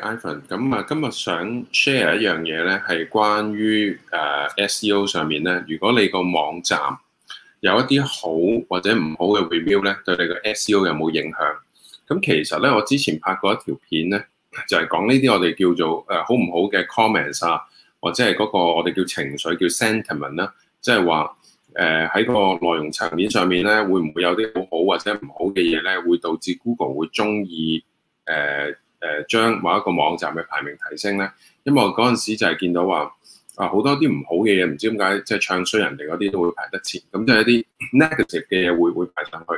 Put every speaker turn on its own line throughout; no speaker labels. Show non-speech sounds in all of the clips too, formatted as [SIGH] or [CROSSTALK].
iPhone 咁啊，今日想 share 一樣嘢咧，係關於誒 SEO 上面咧。如果你個網站有一啲好或者唔好嘅 review 咧，對你個 SEO 有冇影響？咁其實咧，我之前拍過一條片咧，就係、是、講呢啲我哋叫做誒、呃、好唔好嘅 comments 啊，或者係嗰個我哋叫情緒叫 sentiment 啦、啊，即係話誒喺個內容層面上面咧，會唔會有啲好好或者唔好嘅嘢咧，會導致 Google 會鍾意誒？呃誒將某一個網站嘅排名提升咧，因為嗰陣時就係見到話啊好多啲唔好嘅嘢，唔知點解即係唱衰人哋嗰啲都會排得前，咁即係一啲 negative 嘅嘢會會排上去。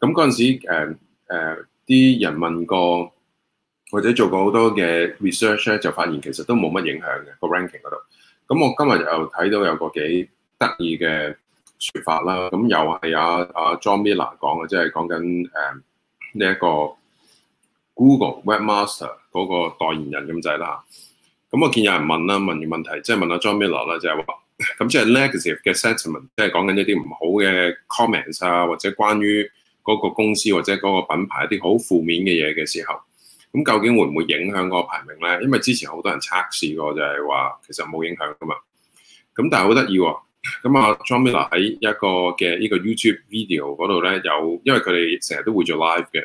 咁嗰陣時誒啲、呃呃、人問過或者做過好多嘅 research 咧，就發現其實都冇乜影響嘅個 ranking 嗰度。咁我今日又睇到有個幾得意嘅説法啦。咁又係阿阿 John Miller 講嘅，即係講緊誒呢一個。Google Webmaster 嗰個代言人咁滯啦，咁我見有人問啦，問完問題即係、就是、問阿 John Miller 啦， [LAUGHS] 就係話，咁即係 negative 嘅 sentiment，即係講緊一啲唔好嘅 comments 啊，或者關於嗰個公司或者嗰個品牌一啲好負面嘅嘢嘅時候，咁究竟會唔會影響嗰個排名咧？因為之前好多人測試過，就係、是、話其實冇影響噶嘛。咁但係好得意喎，咁阿 John Miller 喺一個嘅呢個 YouTube video 嗰度咧有，因為佢哋成日都會做 live 嘅。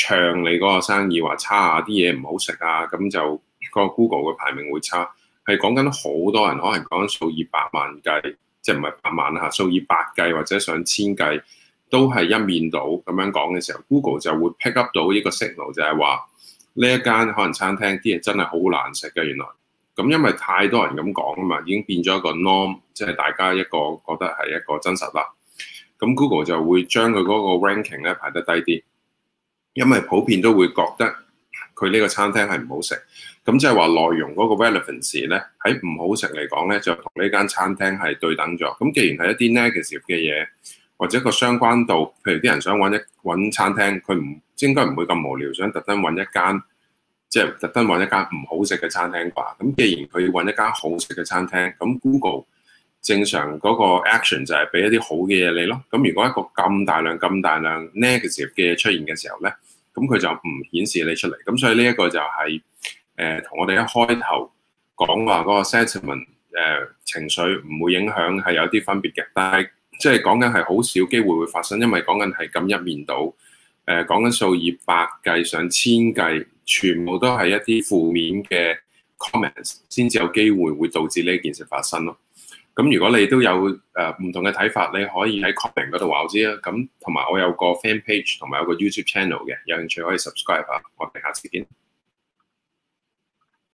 唱你嗰個生意話差啊，啲嘢唔好食啊，咁就嗰個 Google 嘅排名會差。係講緊好多人，可能講數以百萬計，即係唔係百萬啊嚇，數以百計或者上千計，都係一面倒咁樣講嘅時候，Google 就會 pick up 到呢個 signal 就係話呢一間可能餐廳啲嘢真係好難食嘅原來。咁因為太多人咁講啊嘛，已經變咗一個 norm，即係大家一個覺得係一個真實啦。咁 Google 就會將佢嗰個 ranking 咧排得低啲。因為普遍都會覺得佢呢個餐廳係唔好食，咁即係話內容嗰個 relevance 咧喺唔好食嚟講咧，就同呢間餐廳係對等咗。咁既然係一啲 negative 嘅嘢，或者個相關度，譬如啲人想揾一揾餐廳，佢唔應該唔會咁無聊，想特登揾一間，即係特登揾一間唔好食嘅餐廳吧。咁既然佢要揾一間好食嘅餐廳，咁 Google 正常嗰個 action 就係俾一啲好嘅嘢你咯。咁如果一個咁大量咁大量 negative 嘅嘢出現嘅時候咧？咁佢就唔顯示你出嚟，咁所以呢一個就係誒同我哋一開頭講話嗰個 sentiment、呃、情緒唔會影響係有啲分別嘅，但係即係講緊係好少機會會發生，因為講緊係咁一面倒，誒、呃、講緊數以百計上千計，全部都係一啲負面嘅 comments，先至有機會會導致呢件事發生咯。咁如果你都有誒、呃、唔同嘅睇法，你可以喺 comment 嗰度話我知啦。咁同埋我有個 fan page 同埋有個 YouTube channel 嘅，有興趣可以 subscribe 下，啊。我哋下次見。